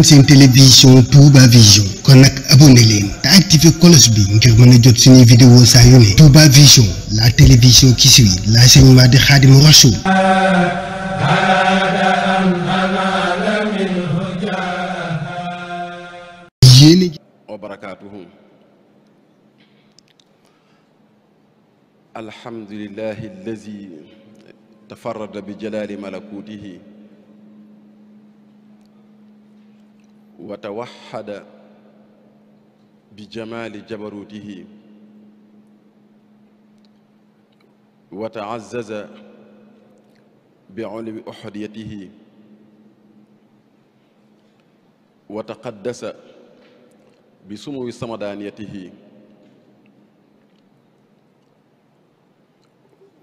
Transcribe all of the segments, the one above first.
seen télévision Touba Vision kon nag abonné leen te activé cloche bi ngir mën a jot suñuy vidéo saa yu ne Touba Vision la télévision qui suit l'enseignement de Khadimou Rassoul yéene wa barakaatuhu alhamdulillahi allazi tafarrada bi jalaali malakutihi wa tawaxada bi jamaali jabarutihi wa taazaza bi ulwi uhudiyatihi wa taqaddasa bi sumuwi samadaaniyatihi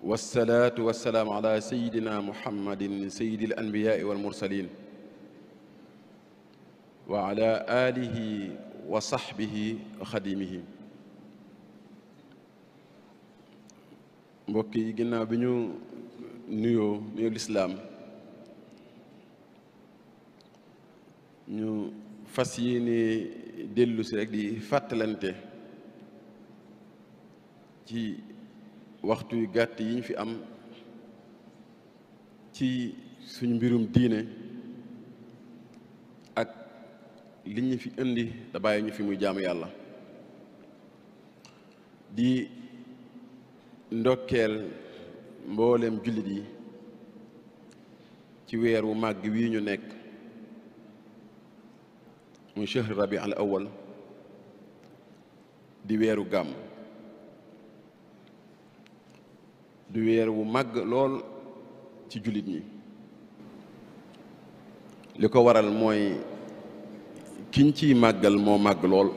wassalaatu wassalaamu ala sayidina muhammadin sayidil anbiyaai wal mursalin wa ala alihi wa sahbihi xadimihi mbokk yi ginnaaw bi ñu nuyoo nuyoo lislaam ñu fas yéene dellu si rek di fàttalante ci waxtu yu gàtt yi ñu fi am ci suñu mbirum diine li ñu fi indi da bàyyi ñu fi muy jaamu yàlla di ndokkeel mbooleem jullit yi ci weer wu màgg wii ñu nekk muy shahr rabi al awal di weeru gàmm di weer wu màgg lool ci jullit ñi li ko waral mooy kiñ ciy màggal moo màgg lool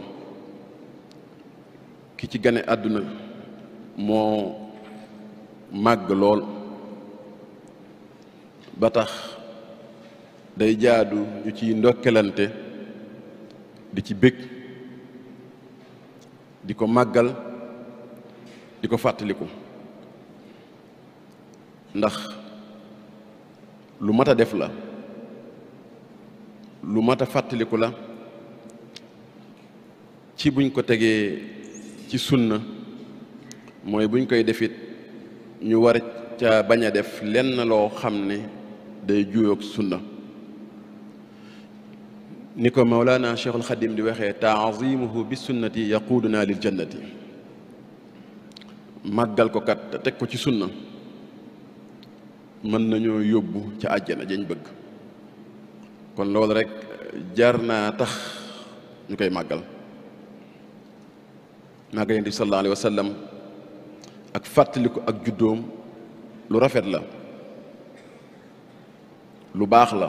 ki ci gane àdduna moo màgg lool ba tax day jaadu ñu ciy ndokkelante di ci bég di ko màggal di ko fàttaliku ndax lu mat a def la lu mat a fàttaliku la ci buñ ko tegee ci sunna mooy buñ koy defit ñu war ca bañ a def lenn loo xam ne day juyoog sunna ni ko Mawlana Cheikhul Xadim di waxee taazimuhu bi sunnati yaquduna lil jannati màggal ko kat teg ko ci sunna mën nañoo yóbbu ca àjjana jañ bëgg kon loolu rekk jar naa tax ñu koy màggal maaga yonent bi sallallahu alayhi ak fàttaliku ak juddoom lu rafet la lu baax la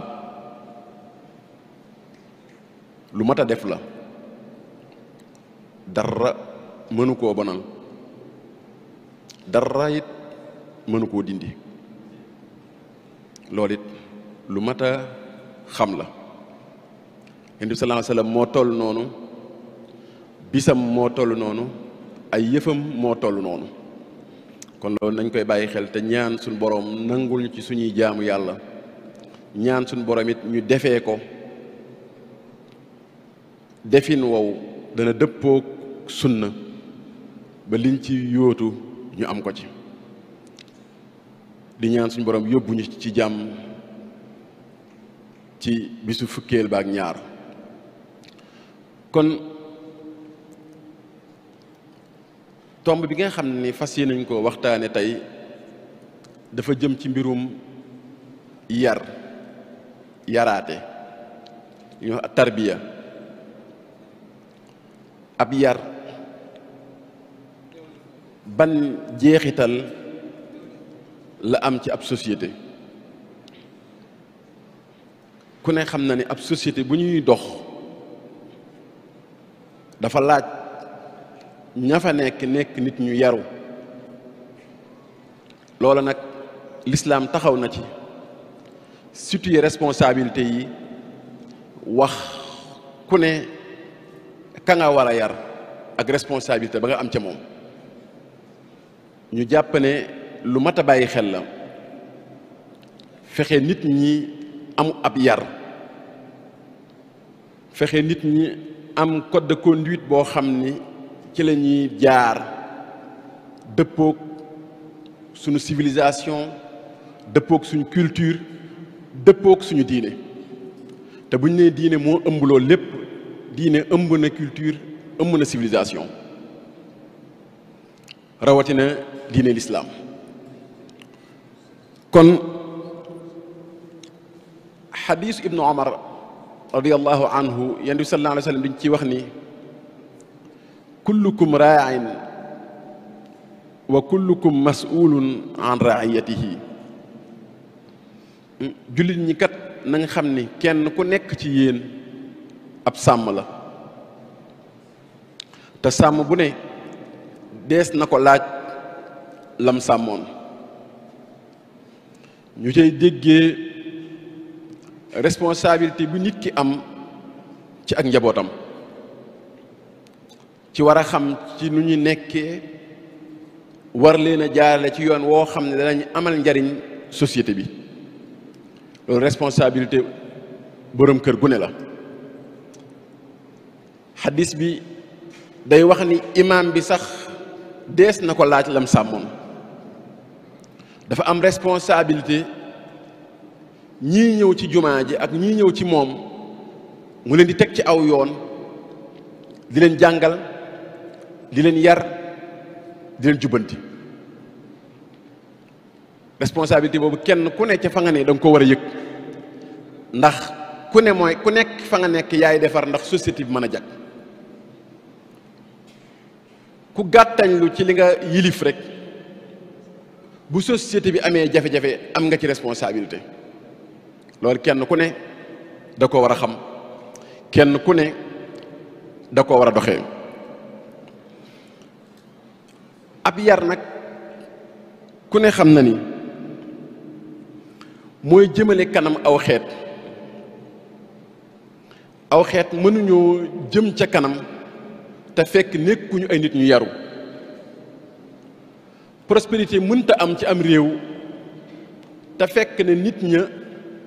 lu mat a def la dara mënu koo bonal dara it mënu koo dindi loolu lu mat a xam la yonent bi sallallahu alayhi moo toll noonu bisam moo toll noonu ay yëfam moo toll noonu kon loolu nañ koy bàyyi xel te ñaan suñu boroom nangul ñu ci suñuy jaamu yàlla ñaan suñu boroom it ñu defee ko defin wow dana dëppook suñ na ba liñ ci yóotu ñu am ko ci di ñaan suñu boroom yóbbu ñu ci jàmm ci bisu fukkeel ba ak ñaar kon tomb bi nga xam ni fas yéenuñ ko waxtaane tey dafa jëm ci mbirum yar yaraate ñu tarbiya ab yar ban jeexital la am ci ab société ku ne xam na ni ab société bu ñuy dox dafa laaj ña fa nekk nekk nit ñu yaru loola nag lislaam taxaw na ci situer responsabilité yi wax ku ne ka yar ak responsabilité ba nga am ca moom ñu jàpp ne lu mat a bàyyi xel la fexe nit ñi am ab yar fexe nit ñi am code de conduite boo xam ni ci la ñuy jaar dëppook suñu civilisation dëppoog suñu culture dëppook suñu diine te bu ñu nee diine moo ëmb lépp diine ëmb na culture ëmb na civilisation rawatina diine lislaam kon xadiisu ibnu omar radiallahu anhu yonent bi sallallahu alayhi wa sallam dañ ciy wax ni kullukum raain wa kullukum mas'ulun an raiyatihi hmm, jullit ñi kat nanga xam ni kenn ku nekk ci yéen ab sàmm la te sàmm bu ne dees na ko laaj lam sàmmoon ñu cay déggee responsabilité bi nit ki am ci ak njabootam ci war a xam ci nu ñu nekkee war leen a jaarale ci yoon woo xam ne danañ amal njariñ société bi loolu responsabilité boroom kër gu ne la xadis bi day wax ni imaam bi sax dees na ko laaj lam sàmmoon dafa am responsabilité ñii ñëw ci jumaa ji ak ñii ñëw ci moom mu leen di teg ci aw yoon di leen jàngal di leen yar di leen jubbanti responsabilité boobu kenn ku ne ca fa nga ne da koo war a yëg ndax ku ne mooy ku nekk fa nga nekk yaay defar ndax société bi mën a jag ku gàttañlu ci li nga yilif rek bu société bi amee jafe-jafe am nga ci responsabilité loolu kenn ku ne da ko war a xam kenn ku ne da ko war a doxee ab yar nag ku ne xam na ni mooy jëmale kanam aw xeet aw xeet mënuñoo jëm ca kanam te fekk nekkuñu ay nit ñu yaru prospérité mënta am ci am réew te fekk ne nit ña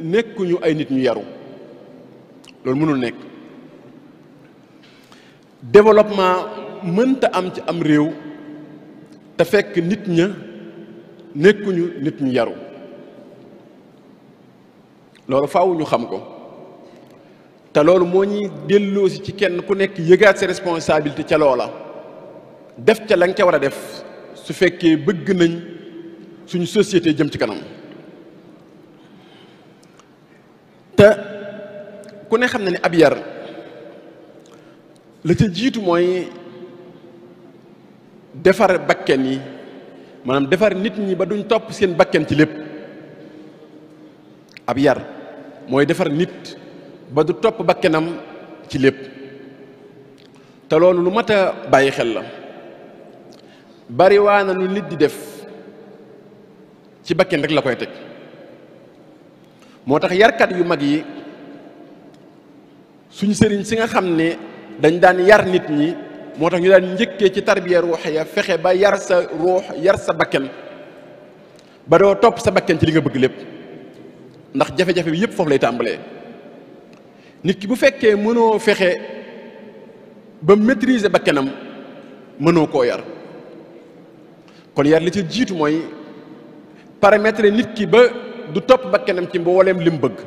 nekkuñu ay nit ñu yaru loolu mënul nekk développement mënta am ci am réew te fekk nit ña nekkuñu nit ñu yaru loolu faaw xam ko te loolu moo ñuy delloosi ci kenn ku nekk yëgaat sa responsabilité ca loola def ca la nga ca war a def su fekkee bëgg nañ suñu société jëm ci kanam te ku ne xam na ne ab yar la ca jiitu mooy defar bakken yi maanaam defar nit ñi ba duñ topp seen bakken ci lépp ab yar mooy defar nit ba du topp bakkenam ci lépp te loolu lu mat a bàyyi xel la bari waa na lu nit di def ci bakken rek la koy teg moo tax yarkat yu mag yi suñu sëriñ si nga xam ni dañ daan yar nit ñi moo tax ñu daan njëkkee ci tarbiya ruux ya fexe ba yar sa ruux yar sa bakken ba doo topp sa bakken ci li nga bëgg lépp ndax jafe-jafe bi yëpp foofu lay tàmbalee nit ki bu fekkee mënoo fexe ba maîtriser bakkenam mënoo koo yar kon yar li ci jiitu mooy paramétrer nit ki ba du topp bakkenam ci mbooleem li mu bëgg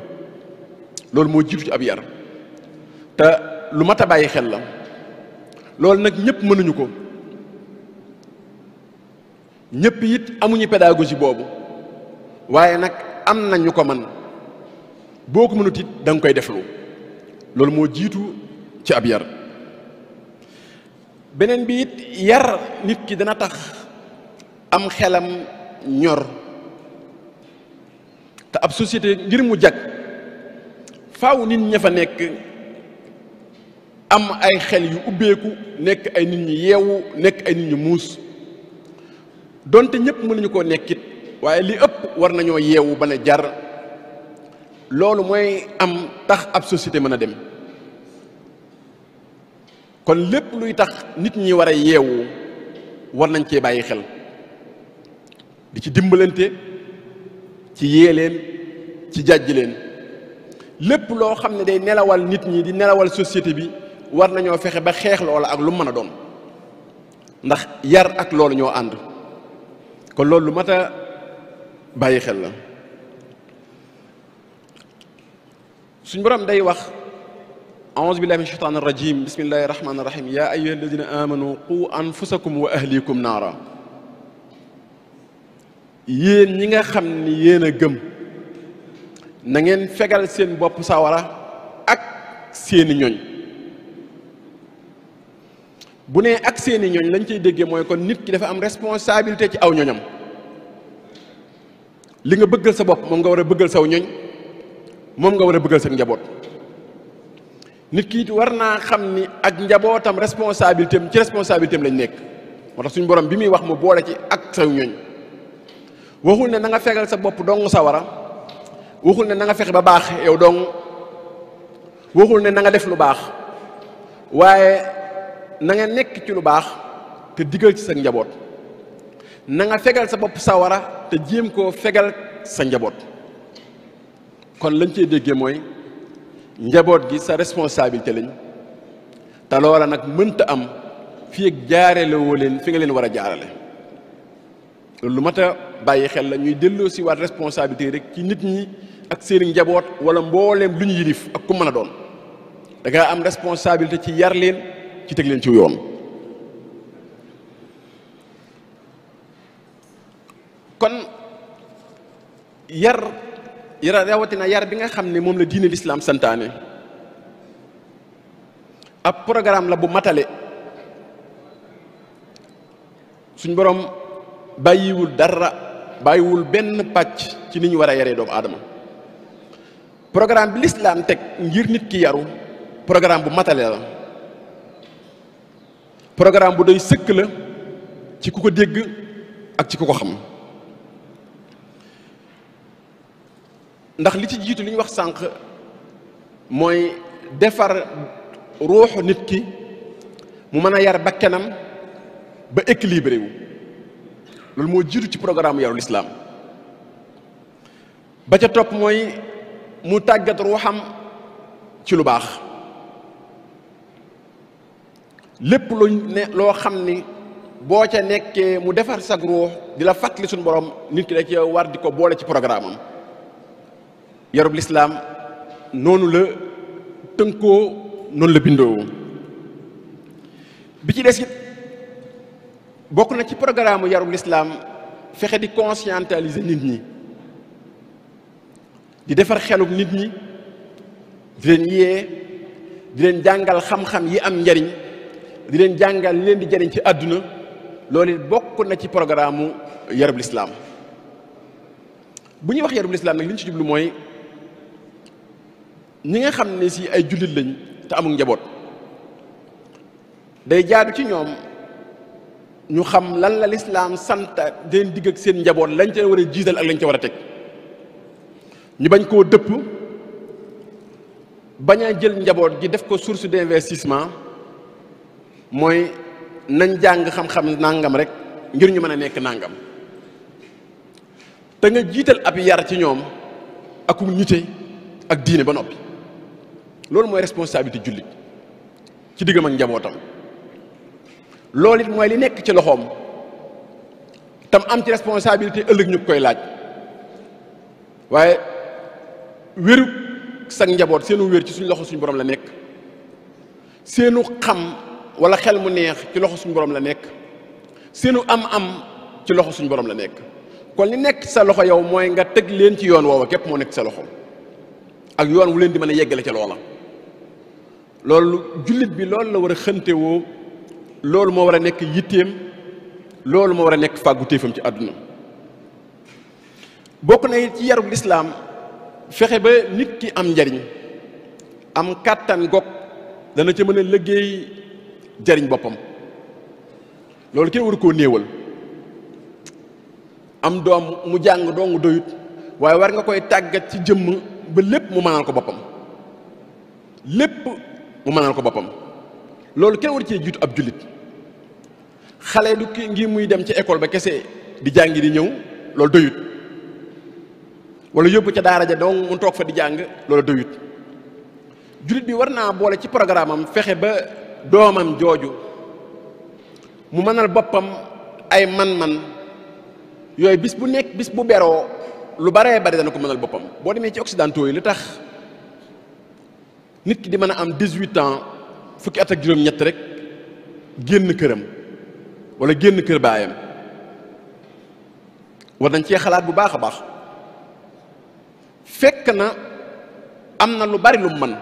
loolu moo jiitu ci ab yar te lu mat a bàyyi xel la loolu nag ñëpp mënuñu ko ñépp yit amuñu pédagogie boobu waaye nag am na ñu ko man boo ko mënut it da nga koy deflu loolu moo jiitu ci ab yar beneen bi it yar nit ki dana tax am xelam ñor te ab société ngir mu jag faw nit ña fa nekk am ay xel yu ubbeeku nekk ay nit ñu yeewu nekk ay nit ñu muus donte ñëpp nañu koo nekkit waaye li ëpp war nañoo yeewu ba ne jar loolu mooy am tax ab société mën a dem kon lépp luy tax nit ñi war a yeewu war nañ cee bàyyi xel di ci dimbalante ci yee leen ci jàjj leen lépp loo xam ne day nelawal nit ñi di nelawal société bi war nañoo fexe ba xeex loola ak lu mën a doon ndax yar ak loolu ñoo ànd kon loolu lu mat a bàyyi xel la suñ borom day wax aouzu billahi min shaytaan irrajim bismillahi irrahmani irrahim yaa ayuha alladina amanu qu anfusakum wa ahlikum naara yéen ñi nga xam ni yéen a gëm na ngeen fegal seen bopp sawara ak seeni ñoñ bu nee ak seeni ñooñ lañ cay dégge mooy kon nit ki dafa am responsabilité ci aw ñoñam li nga bëggal sa bopp moom nga war a bëggal saw ñoñ moom nga war a bëggal sa njaboot nit ki it war naa xam ni ak njabootam responsabilité am ci responsabilité am lañ nekk moo tax suñu borom bi muy wax mu boole ci ak saw ñoñ waxul ne na nga fegal sa bopp dong sawara waxul ne na nga fexe ba baax yow dong waxul ne na nga def lu baax waaye na nga nekk ci lu baax te digal ci sa njaboot na nga fegal sa bopp sawara te jéem koo fegal sa njaboot kon lañ cey déggee mooy njaboot gi sa responsabilité lañ te loola nag mënta am fii ak jaarale leen fi nga leen war a jaarale loolu lu mat a bàyyi xel la ñuy delloo si waat responsabilité rek ci nit ñi ak seen njaboot wala mbooleem lu ñu yilif ak ku mën a doon da nga am responsabilité ci yar leen ci teg leen ci yoon kon yar yar rawatina yar bi nga xam ni moom la diine lislaam santaane ab programme la bu matale suñ boroom bàyyiwul dara bàyyiwul benn pàcc ci ni ñu war a yaree doomu aadama programme bi lislaam teg ngir nit ki yaru programme bu matale la programme bu doy sëkk la ci ku ko dégg ak ci ku ko xam ndax li ci jiitu li ñu wax sànq mooy defar ruuxu nit ki mu mën a yar bakkanam ba équilibré loolu moo jiitu ci programme yaru lislaam ba ca topp mooy mu tàggat ruuxam ci lu baax lépp luñ ne loo xam ni boo ca nekkee mu defar sag ruux di la fàttali suñu borom nit ki da cee war di ko boole ci programme am yarub lislaam noonu la tënkoo noonu la bindoo bi ci des it bokk na ci programme yarub lislaam fexe di conscientiser nit ñi di defar xelub nit ñi di leen yee di leen jàngal xam-xam yi am njariñ di leen jàngal li leen di jariñ ci àdduna loolu bokk na ci programme mu yarub lislaam bu ñuy wax yarub lislaam nag li ñu ci jublu mooy ñi nga xam ne si ay jullit lañ te amul njaboot day jaadu ci ñoom ñu xam lan la lislaam sant deen digg ak seen njaboot lañ ca war a jiital ak lañ ca war a teg ñu bañ koo dëpp bañaa jël njaboot gi def ko source d'investissement mooy nañ jàng xam-xam nàngam rek ngir ñu mën a nekk nàngam te nga jiital ab yar ci ñoom ak nite ak diine ba noppi loolu mooy responsabilité jullit ci diggam ak njabootam loolu mooy li nekk ci loxoom tam am ci responsabilité ëllëg ñu koy laaj waaye wéru sag njaboot seenu wér ci suñ loxo suñ boroom la nekk seenu xam wala xel mu neex ci loxo suñu boroom la nekk seenu am-am ci loxo suñu borom la nekk kon li nekk sa loxo yow mooy nga tëg leen ci yoon woowa képp moo nekk sa loxo ak yoon wu leen di mën a yeggale ca loola. loolu jullit bi loolu la war a xëntewoo loolu moo war a nekk yitteem loolu moo war a nekk fàggu téefam ci àdduna bokk na ci yaru lislaam fexe ba nit ki am njariñ am kàttan gog dana ca mën a liggéey jariñ boppam loolu kenn waru koo néewal am doom mu jàng dong doyut waaye war nga koy tàggat ci jëmm ba lépp mu mënal ko boppam lépp mu ko boppam loolu kenn war cee jiitu ab jullit xale du ki ngir muy dem ci école ba kese di jàngi di ñëw loolu doyut wala yóbbu ca daara ja dong mu toog fa di jàng loolu doyut jullit bi war naa boole ci programme am fexe ba doomam jooju mu mënal boppam ay man-man yooyu bis bu nekk bis bu beroo lu baree bari dana ko mënal boppam boo demee ci occidentaux yi li tax nit ki di mën a am dix-huit ans fukki at juróom-ñett rek génn këram wala génn kër baayam war dañ cee xalaat bu baax a baax fekk na am na lu bari lu mu mën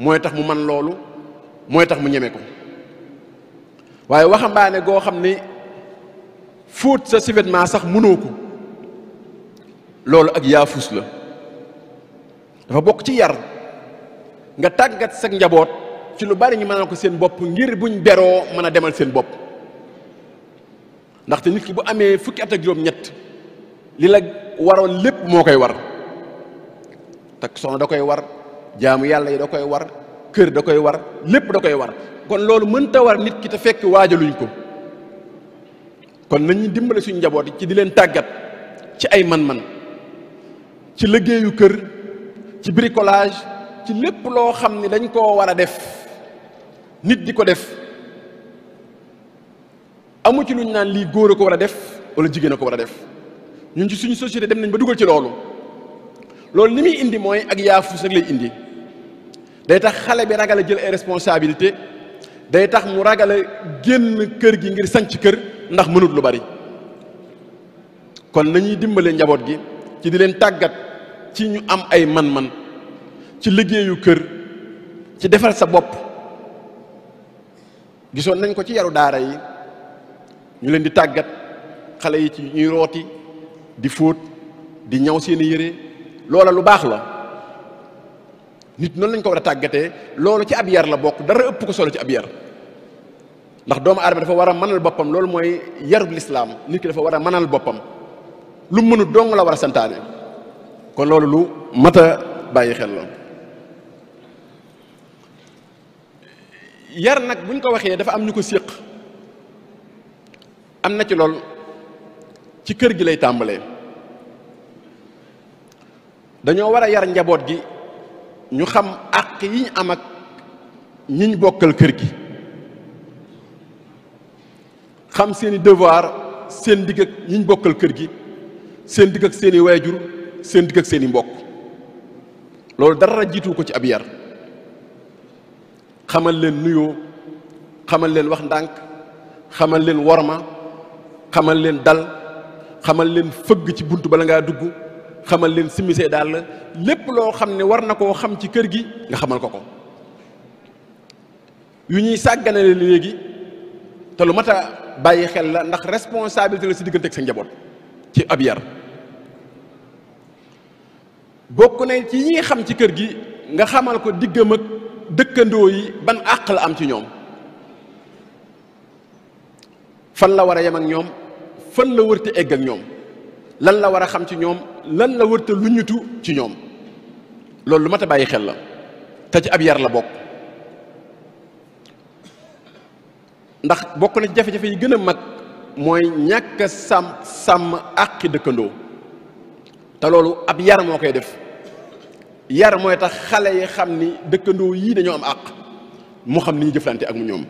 mooy tax mu mën loolu mooy tax mu ñeme ko waaye waxambaane goo xam ni fóot sa survêtement sax mënoo ko loolu ak yaafus la dafa bokk ci yar nga tàggat sa njaboot ci lu bari ñu mënal ko seen bopp ngir buñ beroo mën a demal seen bopp ndaxte nit ki bu amee fukki at ak ñett li la waroon lépp moo koy war takk soxna da koy war jaamu yàlla yi da koy war kër da koy war lépp da koy war kon loolu mënta war nit ki te fekk waajaluñ ko kon lañuy dimbale suñu njaboot yi ci di leen tàggat ci ay man-man ci liggéeyu kër ci bricolage ci lépp loo xam ni dañ koo war a def nit di ko def amu ci luñ naan lii góor a ko war a def wala jigéen a ko war a def ñun ci suñu société dem nañ ba dugal ci loolu loolu li muy indi mooy ak yaafus rek lay indi day tax xale bi ragal a jël ay responsabilité day tax mu ragal a génn kër gi ngir sanc kër ndax mënut lu bari kon nañuy dimbale njaboot gi ci di leen tàggat ci ñu am ay man-man ci liggéeyu kër ci defal sa bopp gisoon nañ ko ci yaru daara yi ñu leen di tàggat xale yi ci ñuy rooti di fóot di ñaw seeni yére loola lu baax la nit noonu lañ ko war a tàggatee loolu ci ab yar la bokk dara ëpp ko solo ci ab yar ndax doomu aadama dafa war a mënal boppam loolu mooy yarub lislaam nit ki dafa war a manal boppam lu mënu dong la war a santaane kon loolu lu a bàyyi xel la yar nag buñ ko waxee dafa am ñu ko séq am na ci lool ci kër gi lay tàmbalee dañoo war a yar njaboot gi ñu xam ak yiñ am ak bokkal kër gi xam seeni devoir seen digg ak ñiñ bokkal kër gi seen digg ak seeni waajur seen digg ak seeni mbokk loolu dara jiitu ko ci ab yar xamal leen nuyoo xamal leen wax ndànk xamal leen worma xamal leen dal xamal leen fëgg ci bunt bala ngaa dugg xamal leen simisee daal la lépp loo xam ne war na koo xam ci kër gi nga xamal ko ko yu ñuy sàgganale léegi te lu mat a bàyyi xel la ndax responsabilité la si diggante ak sa njaboot ci ab yar bokk nañ ci ñi xam ci kër gi nga xamal ko diggam ak dëkkandoo yi ban àq la am ci ñoom fan la war a yem ak ñoom fan la wërti egg ak ñoom lan la war a xam ci ñoom lan la wërta lu ñutu ci ñoom loolu lu mat a bàyyi xel la te ci ab yar la bokk ndax bokk na ci jafe-jafe yi gën a mag mooy ñàkk sàmm sàmm àqi dëkkandoo te loolu ab yar moo koy def yar mooy tax xale yi xam ni dëkkandoo yii dañoo am àq mu xam ni ñu jëflante ak mu ñoom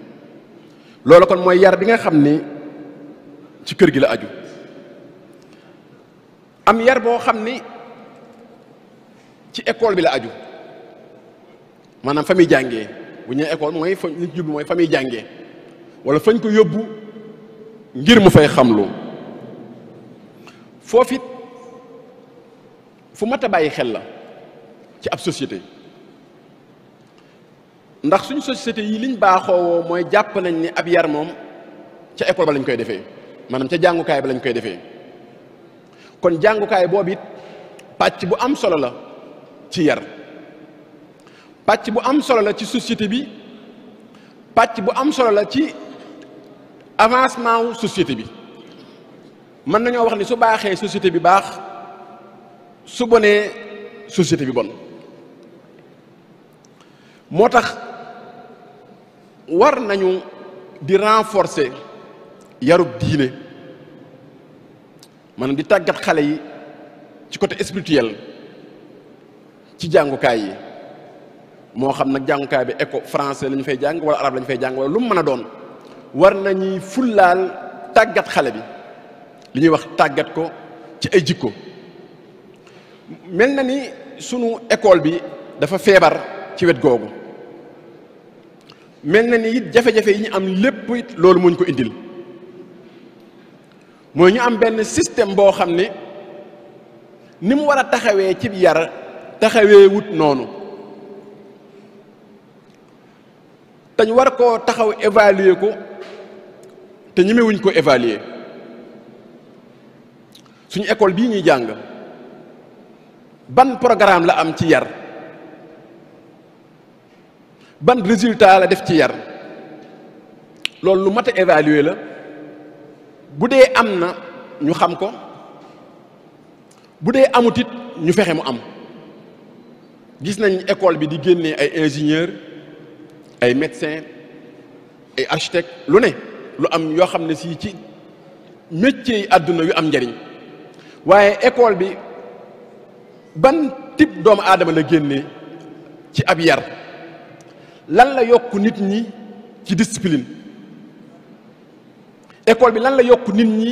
loolu kon mooy yar bi nga xam ni ci kër gi la aju am yar boo xam ni ci école bi la aju maanaam fa muy jàngee bu ñëwee école mooy fa li jublu mooy fa muy wala fañ ko yóbbu ngir mu fay xamlu foofu it fu mat bàyyi xel la ci ab société ndax suñ société yi liñ baaxoowoo mooy jàpp nañ ni ab yar moom ca école ba lañ koy defee maanaam ca jàngukaay ba lañ koy defee kon jàngukaay boobu it pàcc bu am solo la ci yar pàcc bu am solo la ci société bi pàcc bu am solo la ci avancement wu société bi mën nañoo wax ni su baaxee société bi baax su bonee société bi bon moo tax war nañu di renforcer yarub diine maanaam di tàggat xale yi ci côté spirituel ci jàngukaay yi moo xam nag jàngukaay bi éco français lañu fay jàng wala arabe la fay jàng wala lu mu mën a doon war nañuy fullaal tàggat xale bi li ñuy wax tàggat ko ci ay jikko mel na ni sunu école bi dafa feebar ci wet googu mel na ni it jafe-jafe yi ñu am lépp it loolu muñ ko indil mooy ñu am benn système boo xam ne ni mu war a taxawee cib yar taxawee wut noonu te ñu war koo taxaw évaluer ko te ñemewuñ ko évaluer suñu école bii ñuy jàng ban programme la am ci yar ban résultat la def ci yar loolu lu mat a évaluer la. bu dee am na ñu xam ko bu dee amut it ñu fexe mu am gis nañ école bi di génnee ay ingénieur ay médecin ay architecte lu ne lu am yoo xam ne si ci métier àdduna yu am njariñ waaye école bi ban type doomu aadama la génnee ci ab yar lan la yokk nit ñi ci discipline école bi lan la yokk nit ñi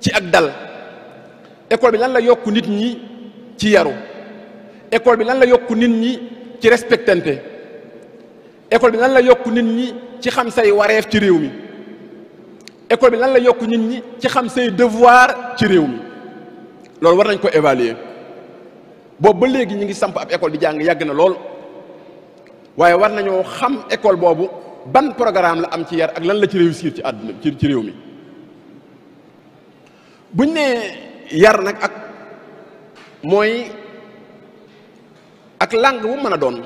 ci ak dal école bi lan la yokk nit ñi ci yaru école bi lan la yokk nit ñi ci respectante école bi lan la yokk nit ñi ci xam say wareef ci réew mi école bi lan la yokk nit ñi ci xam say devoir ci réew mi loolu war nañ ko évaluer boobu ba léegi ñu ngi samp ab école di jàng yàgg na lool waaye war nañoo xam école boobu ban programme la am ci yar ak lan la ci réussir ci àdduna ci ci réew mi buñ nee yar nag ak mooy ak langue bu mën a doon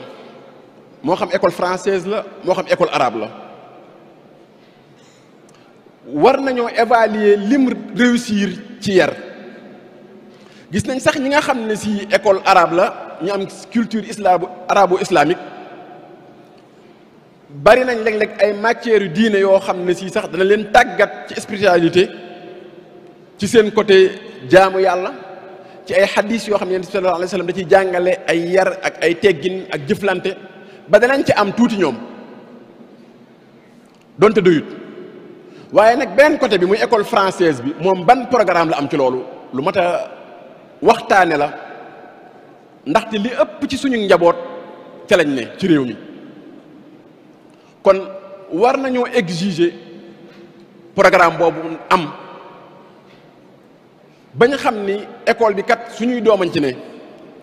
moo xam école française la moo xam école arabe la war nañoo évaluer lim réussir ci yar gis nañ sax ñi nga xam ne si école arabe la ñu am culture islamo arabo islamique bari nañ léeg-léeg ay matières yu diine yoo xam ne si sax dana leen tàggat ci spiritualité ci seen côté jaamu yàlla ci ay xadis yoo xam ne sallallahu alayhi wa sallam da ciy jàngale ay yar ak ay teggin ak jëflante ba danañ ci am tuuti ñoom donte doyut waaye nag benn côté bi muy école française bi moom ban programme la am ci loolu lu mat a waxtaane la ndaxte li ëpp ci suñuy njaboot ca lañ ne ci réew mi kon war nañoo exiger programme boobu am bañ xam ni école bi kat suñuy doomañ ci ne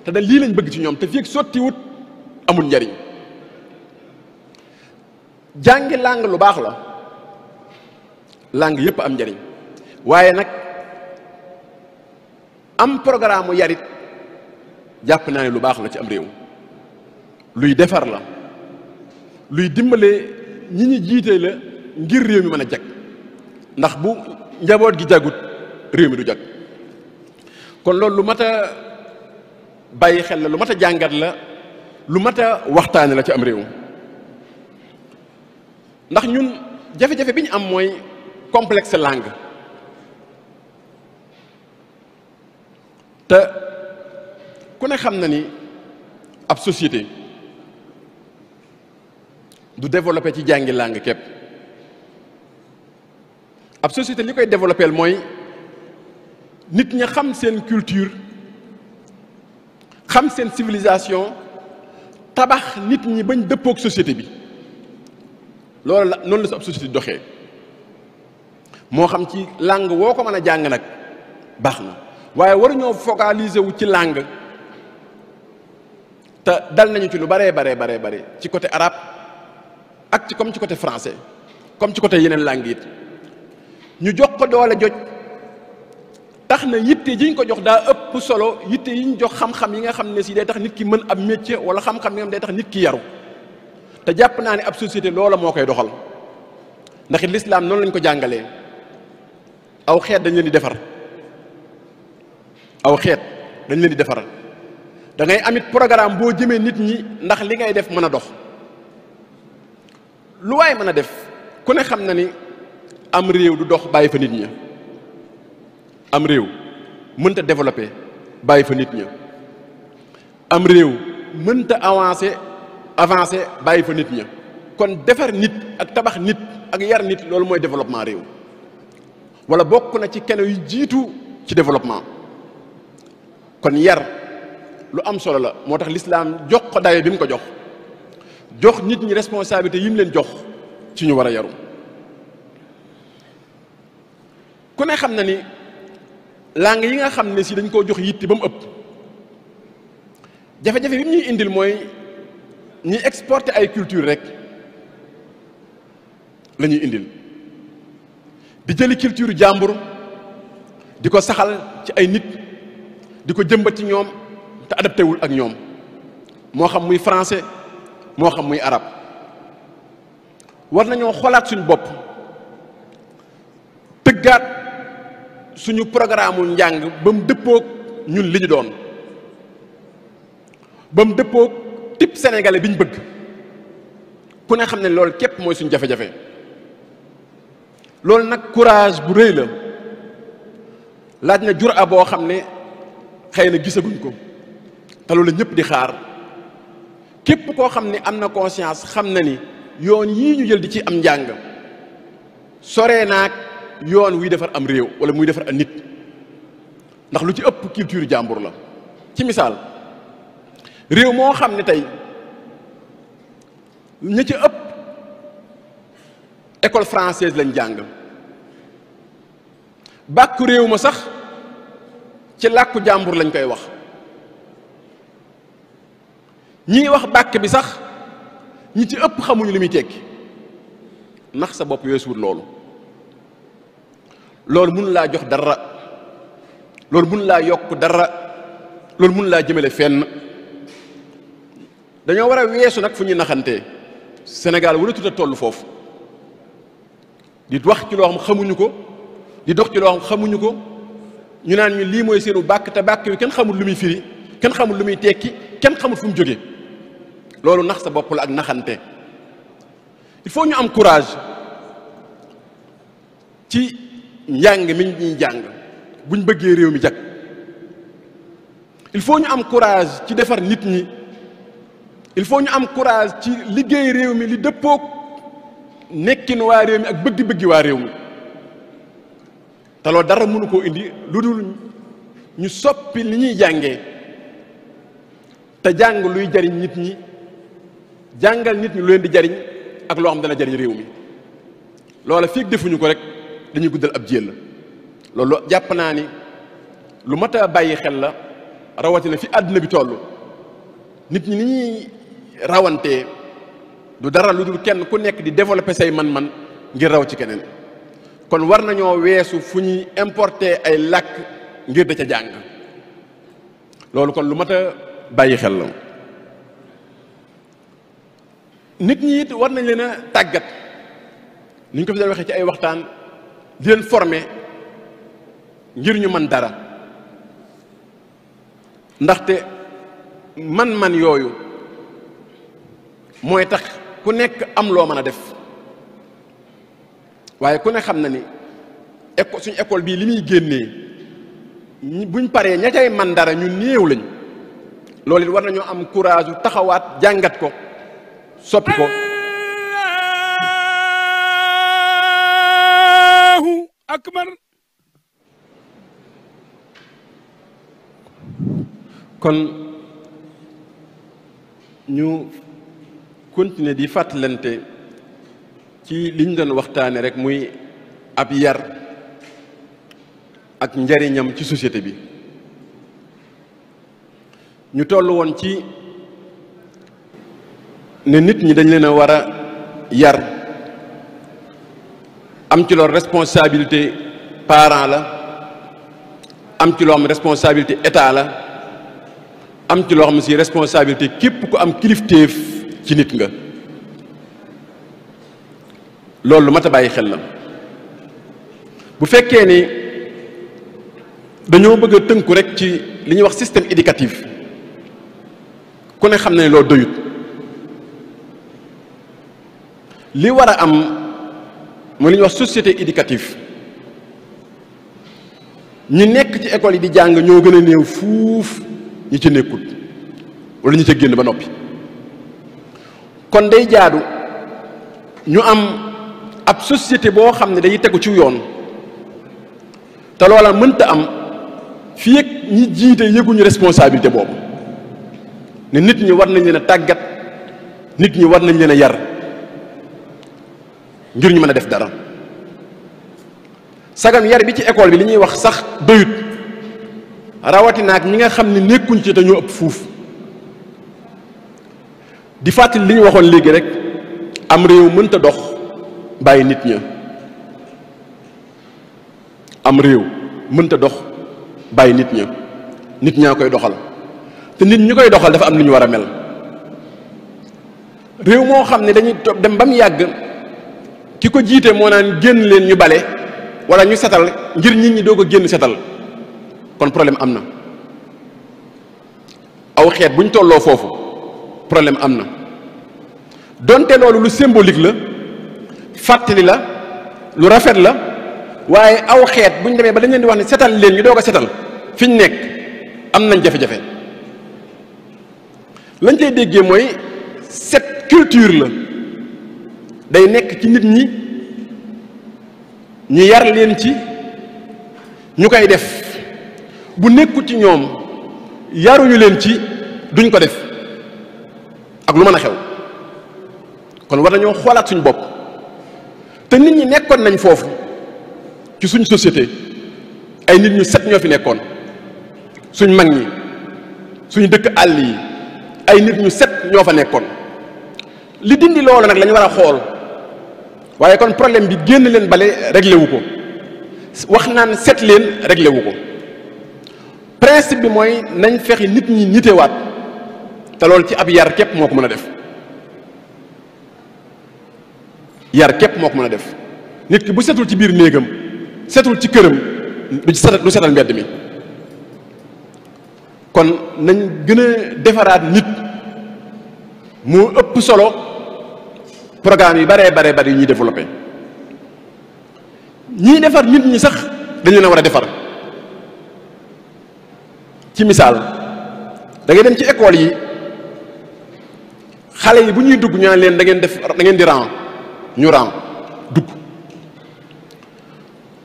te da lii lañ bëgg ci ñoom te fii sotti wut amul njariñ jàngi langue lu baax la làng yépp am njariñ waaye nag am programme mu yarit jàpp naa ne lu baax la ci am réew luy defar la luy dimbale ñi ñu jiitee la ngir réew mi mën a jag ndax bu njaboot gi jagut réew mi du jag kon loolu lu mat a bàyyi xel la lu mat a jàngat la lu mat a waxtaane la ci am réew ndax ñun jafe-jafe bi ñu am mooy complexe langue te ku ne xam na ni ab société du développé ci jàngi làng képp ab société li koy développé mooy nit ña xam seen culture xam seen civilisation tabax nit ñi bañ dëppook société bi loolu la noonu la su ab société doxee moo xam ci langue woo ko mën a jàng nag baax na waaye waruñoo focaliser wu ci làng te dal nañu ci lu baree baree baree bare ci côté arabe ak ci comme ci côté français comme ci côté yeneen langue it ñu jox ko doole jot tax na yitte ji ko jox daa ëpp solo yitte yi jox xam-xam yi nga xam ne si day tax nit ki mën ab métier wala xam-xam yi nga xam day tax nit ki yaru te jàpp naa ne ab société loola moo koy doxal ndax it lislaam noonu lañ ko jàngalee aw xeet dañu leen di defar aw xeet dañ leen di defaral dangay amit programme boo jëmee nit ñi ndax li ngay def mën a dox lu waay mën a def ku ne xam na ni am réew du dox bàyyi fa nit ña am réew mënta développé bàyyi fa nit ña am mënta avancé avancé bàyyi fa nit ña kon defar nit ak tabax nit ak yar nit loolu mooy développement réew wala bokk na ci kene yu jiitu ci développement kon yar lu am solo la moo tax lislaam jox ko dayo bi mu ko jox jox nit ñi responsabilité yi mu leen jox ci ñu war a yaru ku ne xam na ni langue yi nga xam ne si dañ koo jox yitti ba mu ëpp jafe-jafe bi mu ñuy indil mooy ñi exporter ay culture rek la ñuy indil di jëli culture jàmbur di ko saxal ci ay nit di ko jëmbat ci ñoom te adapté wul ak ñoom moo xam muy français moo xam muy arab war nañoo xoolaat suñu bopp tëggaat suñu programme njàng ba mu dëppoog ñun li ñu doon ba mu dëppoog type sénégalais bi ñu bëgg ku ne xam ne loolu képp mooy suñu jafe-jafe loolu nag courage bu rëy la laaj na jur a boo xam ne xëy na gisaguñ ko te loolu ñëpp di xaar. képp koo xam ne am na conscience xam na ni yoon yii ñu jël di ci am njàng sore naag yoon wuy defar am réew wala muy defar am nit ndax lu ci ëpp culture jàmbur la ci misaal réew moo xam ne tey ñu ci ëpp école française lañ jàng bàkku réew ma sax ci làkku jàmbur lañ koy wax ñi wax bàkk bi sax ñi ci ëpp xamuñu li muy tekki ndax sa bopp weesuwut loolu loolu mun laa jox dara loolu mun laa yokk dara loolu mun laa jëmale fenn dañoo war a weesu nag fu ñuy naxantee Sénégal wala tuta toll foofu di wax ci loo xam xamuñu ko di dox ci loo xam xamuñu ko ñu naan ñu lii mooy seenu bàkk te bàkk bi kenn xamul lu muy firi kenn xamul lu muy tekki kenn xamul fu mu jóge loolu nax sa bopp la ak naxante il faut ñu am courage ci njàng mi ñuy jàng buñ bëggee réew mi jag il faut ñu am courage ci defar nit ñi il faut ñu am courage ci liggéey réew mi li dëppook nekkin waa réew mi ak bëgg-bëggi waa réew mi te loolu dara mënu koo indi lu dul ñu soppi li ñuy jàngee te jàng luy jariñ nit ñi jàngal nit ñi lu leen di jariñ ak loo xam dana jariñ réew mi loola fii defuñu ko rek dañuy guddal ab jéel la loolu jàpp naa ni lu mat a bàyyi xel la rawatina fi àdduna bi tollu nit ñi ni ñuy rawantee du dara lu dul kenn ku nekk di développer say man-man ngir raw ci keneen kon war nañoo weesu fu ñuy importer ay làkk ngir da ca jàng loolu kon lu mat a bàyyi xel la nit ñi it war nañ leen a tàggat ni ñu ko fi daan waxee ci ay waxtaan di leen former ngir ñu mën dara ndaxte man-man yooyu mooy tax ku nekk am loo mën a def waaye ku ne xam na ni éco suñu école bii li muy génnee buñ paree ña man dara ñu néew lañ loolu it war nañoo am courage taxawaat jàngat ko. soppi ko allahu akbar kon ñu continuer di fàttalante ci liñ doon waxtaane rek muy ab yar ak njariñam ci société bi ñu toll woon ci ne nit ñi dañ leen a war a yar am ci loolu responsabilité parent la am ci loo xam responsabilité état la am ci loo xam si responsabilité képp ku am kilifteef ci nit nga loolu lu mat bàyyi xel la bu fekkee ni dañoo bëgg a tënku rek ci li ñuy wax système éducatif ku ne xam na ne loo doyut li war a am mu li ñuy wax société éducative ñi nekk ci école yi di jàng ñoo gën a néew fuuf ñi ci nekkut wala ñi ca génn ba noppi kon day jaadu ñu am ab société boo xam ne day tegu ci yoon te loola mënta am fii ak ñi jiite yëguñu responsabilité boobu ne nit ñi war nañ leen a tàggat nit ñi war nañ leen a yar ngir ñu mën a def dara sagam yar bi ci école bi li ñuy wax sax doyut rawatina ak ñi nga xam ne nekkuñ ci te ñoo ëpp fuuf di fàttali li ñu waxoon léegi rek am réew mënta dox bàyyi nit ña am mënta dox bàyyi nit ña nit ñaa koy doxal te nit ñi koy doxal dafa am lu ñu war a mel réew moo xam ne dañuy dem ba mu yàgg. ki ko jiite moo naan génn leen ñu bale wala ñu setal ngir nit ñi doo ko génn setal kon problème am na aw xeet bu ñu tolloo foofu problème am na donte loolu lu symbolique la fàttali la lu rafet la waaye aw xeet bu ñu demee ba dañ leen di wax ne setal leen ñu doo ko setal fi ñu nekk am nañ jafe-jafe lañ cay déggee mooy set culture la ci nit ñi ñu yar leen ci ñu koy def bu nekku ci ñoom yaruñu leen ci duñ ko def ak lu mën a xew kon war nañoo xoolaat suñ bopp te nit ñi nekkoon nañ foofu ci suñ société ay nit ñu set ñoo fi nekkoon suñ mag ñi suñu dëkk àll yi ay nit ñu set ñoo fa nekkoon li dindi loolu nag lañu war xool waaye kon problème bi génn leen bale réglé wu ko wax naan set leen réglé wu ko principe bi mooy nañ fexe nit ñi nitewaat te loolu ci ab yar képp moo ko mën a def yar képp moo ko mën a def nit ki bu setul ci biir néegam setul ci këram du ci setal du setal mbedd mi kon nañ gën a defaraat nit mu ëpp solo programme yi baree baree bari yu ñuy développé ñiy defar nit ñi sax dañu ne war a defar ci misaal da dem ci école yi xale yi bu ñuy dugg ñu naan leen dangeen ngeen def da ngeen di rang ñu rang dugg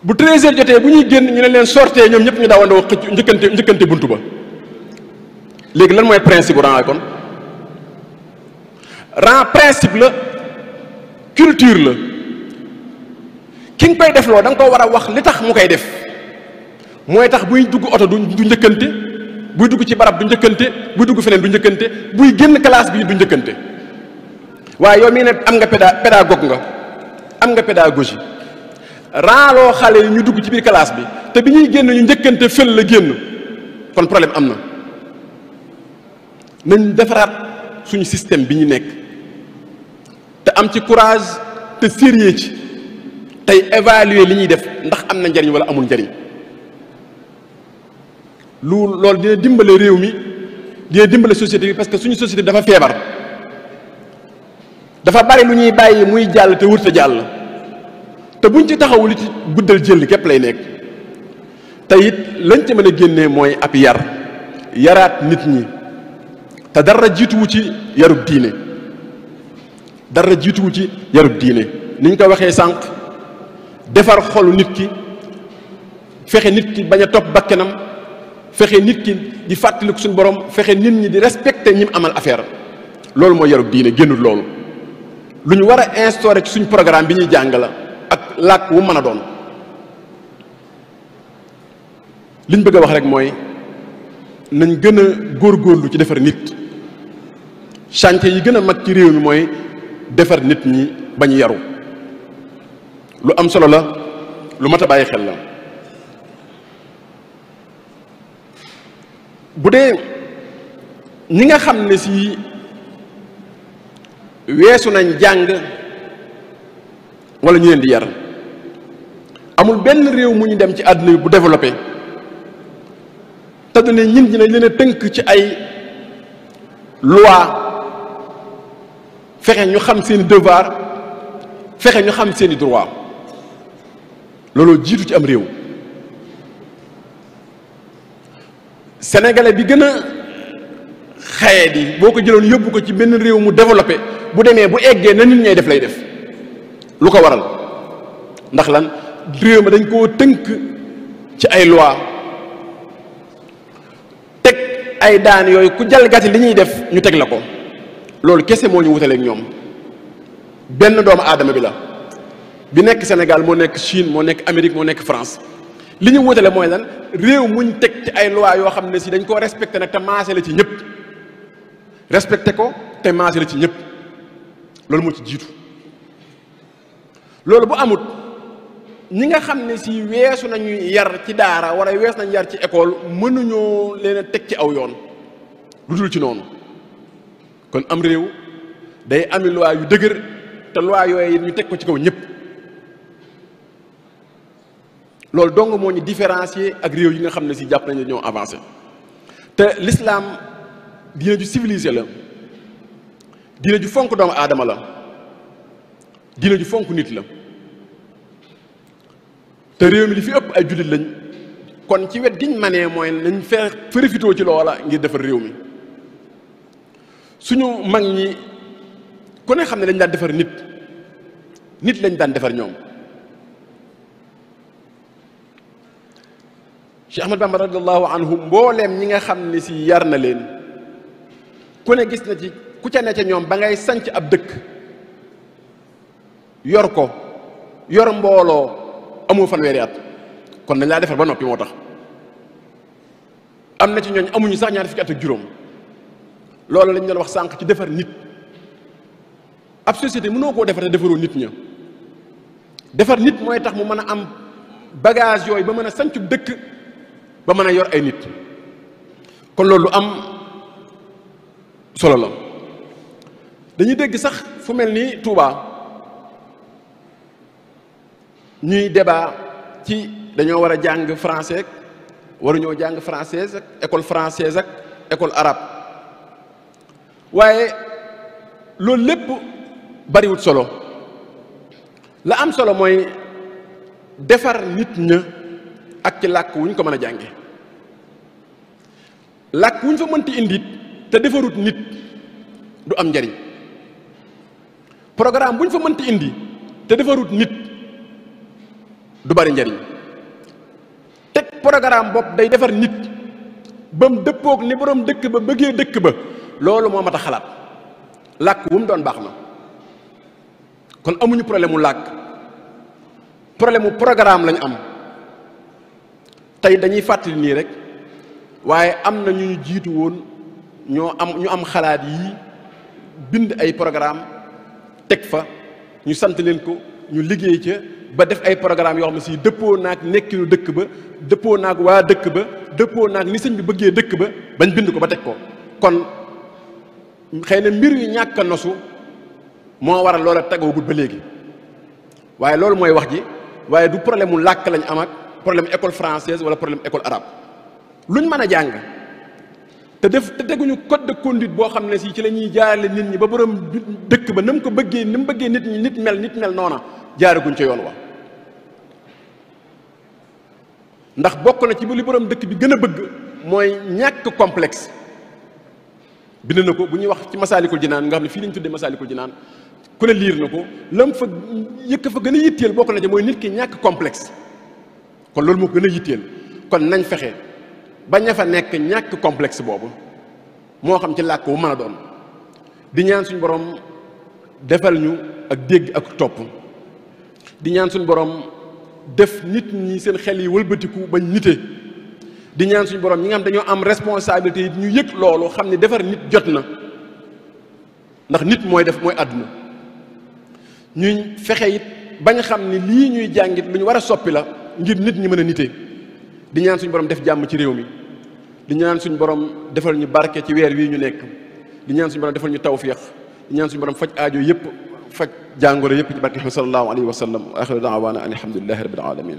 bu 13h jotee bu ñuy génn ñu ne leen sortee ñoom ñëpp ñu daawandoo xëcc njëkkante njëkkante buntu ba léegi lan mooy principe bu rang kon rang principe la. culture la ki nga koy def loo da ko war a wax li tax mu koy def mooy tax buy dugg oto du njëkkante buy dugg ci barab du njëkkante buy dugg feneen du njëkkante buy génn classe bi du njëkkante waaye yow mii ne am nga péda pédagogue nga am nga pédagogie raaloo xale yi ñu dugg ci biir kalaas bi te bi ñuy génn ñu njëkkante fël la génn kon problème am na nañ defaraat suñu système bi ñu nekk te am ci courage te sérieux ci tey évaluer li ñuy def ndax am na njariñ wala amul njariñ lu loolu dina dimbale réew mi dina dimbale société bi parce que suñu société dafa feebar dafa bari lu ñuy bàyyi muy jàll te wërta jàll te buñ ci taxawul ci guddal jël képp lay nekk te it lañ ci mën a génnee mooy ab yar yaraat nit ñi te dara jiituwu ci yarub diine dara jiituwu ci yarub diine niñ ñu ko waxee sànq defar xolu nit ki fexe nit ki bañ a topp bakkanam fexe nit ki di fàttaliku suñu borom fexe nit ñi di respecté ñi mu amal affaire loolu mooy yarub diine génnul loolu lu ñu war a instauré ci suñ programme bi ñuy jàng la ak làkk wu mën a doon liñ bëgg a wax rek mooy nañ gën a góorgóorlu ci defar nit chantier yi gën a mag ci réew mi mooy defar nit ñi bañ yaru lu am solo la lu mat a bàyyi xel la bu dee ñi nga xam ne si weesu nañ jàng wala ñu leen di yar amul benn réew mu ñu dem ci àdduna bi bu développé te du ne ñin ñi nañ leen a tënk ci ay loi fexe ñu xam seen i devoir fexe ñu xam seeni droit looloo jiitu ci am réew sénégalais bi gën a xayee di boo ko jëloon yóbbu ko ci benn réew mu développé bu demee bu eggee na nit ñay def lay def lu ko waral ndax lan réew ma dañ koo tënk ci ay loi teg ay daan yooyu ku jalgati li ñuy def ñu teg la ko loolu kese moo ñu wutaleeg ñoom benn doomu aadama bi la bi nekk Sénégal moo nekk Chine moo nekk Amérique moo nekk France li ñu wutale mooy lan réew muñ teg ci ay loi yoo xam ne si dañ koo respecté nag te maase la ci ñëpp respecté ko te maase la ci ñëpp loolu moo ci jiitu loolu bu amut ñi nga xam ne si weesu nañu yar ci daara wala weesu nañu yar ci école mënuñoo leen a teg ci aw yoon lu dul ci noonu kon am réew day ami loi yu dëgër te loi yooyu ñu teg ko ci kaw ñëpp loolu dong moo ñu différencier ak réew yi nga xam ne si jàpp nañu ñoo avancé te lislaam diine ju civilisé la diine ju fonk doomu aadama la diine ju fonk nit la te réew mi li fi ëpp ay jullit lañ kon ci wet giñ manee mooy nañ fee profitoo ci loola ngir defar réew mi suñu mag ñi ku ne xam ne dañ daan defar nit nit lañ daan defar ñoom Cheikh ma Bamba radiallahu anhu mbooleem ñi nga xam ne si yar na leen ku ne gis na ci ku ca ne ca ñoom ba ngay sanc ab dëkk yor ko yor mbooloo amul fanweeri at kon dañ laa defar ba noppi moo tax am na ci ñooñ amuñu sax ñaar fukki at ak juróom loolu lañ doon wax sànq ci defar nit ab société mënoo koo defar te defaroo nit ña defar nit mooy tax mu mën a am bagage yooyu ba mën a sanc dëkk ba mën a yor ay nit kon loolu lu am solo la dañuy dégg sax fu mel ni Touba ñuy débat ci dañoo war a jàng français waruñoo jàng francaise ak école française ak école arabe waaye loolu lépp bariwut solo la am solo mooy defar nit ña ak ci làkk wu ñu ko mën a jànge làkk wu ñu fa mënti indit te defarut nit du am njariñ programme bu ñu fa mënti indi te defarut nit du bari njariñ teg programme bopp day defar nit ba mu dëppoog ni borom dëkk ba bëggee dëkk ba loolu moo mat a xalaat làkk wu mu doon baax na kon amuñu problème mu làkk problème mu programme lañu am tey dañuy fàttali nii rek waaye am na ñu jiitu woon ñoo am ñu am xalaat yi bind ay programme teg fa ñu sant leen ko ñu liggéey ca ba def ay programme yoo xam ne si dëppoo naag nekkinu dëkk ba dëppoo naag waa dëkk ba dëppoo naag ni sëñ bi bëggee dëkk ba bañ bind ko ba teg ko xëy na mbir yu ñàkk nosu moo waral loola tegoogul ba léegi waaye loolu mooy wax ji waaye du problème mu làkk lañ am ak problème école française wala problème école arabe luñ mën a jàng te def te teguñu code de conduite boo xam ne si ci la ñuy jaarale nit ñi ba borom dëkk ba na mu ko bëggee ni mu bëggee nit ñi nit mel nit mel noona jaaraguñ ca yoon wa ndax bokk na ci li borom dëkk bi gën a bëgg mooy ñàkk complexe bind na ko bu ñuy wax ci masaalikul jinaan nga xam ne fii lañ tuddee masaalikul jinaan ku ne liir na ko lam fa yëkk fa gën a yitteel bokk na ci nit ki ñàkk complexe kon loolu moo gën a yitteel kon nañ fexe ba ña fa nekk ñàkk complexe boobu moo xam ci làkk wu mën a doon di ñaan suñu borom defal ñu ak dégg ak topp di ñaan suñu borom def nit ñi seen xel yi wëlbatiku ba nite di ñaan suñu borom ñi nga xam dañoo am responsabilité yi ñu yëg loolu xam ne defar nit jot na ndax nit mooy def mooy àdduna ñuy fexe it bañ xam ni lii ñuy jàngit lu ñu war a soppi la ngir nit ñi mën a nite di ñaan suñu borom def jàmm ci réew mi di ñaan suñu borom defal ñu barke ci weer wii ñu nekk di ñaan suñu borom defal ñu tawfiix di ñaan suñu borom faj aajo yëpp faj jàngoro yëpp ci barke sallallahu alayhi wa sallam axiru daawaana alhamdulillahi rabbil alamin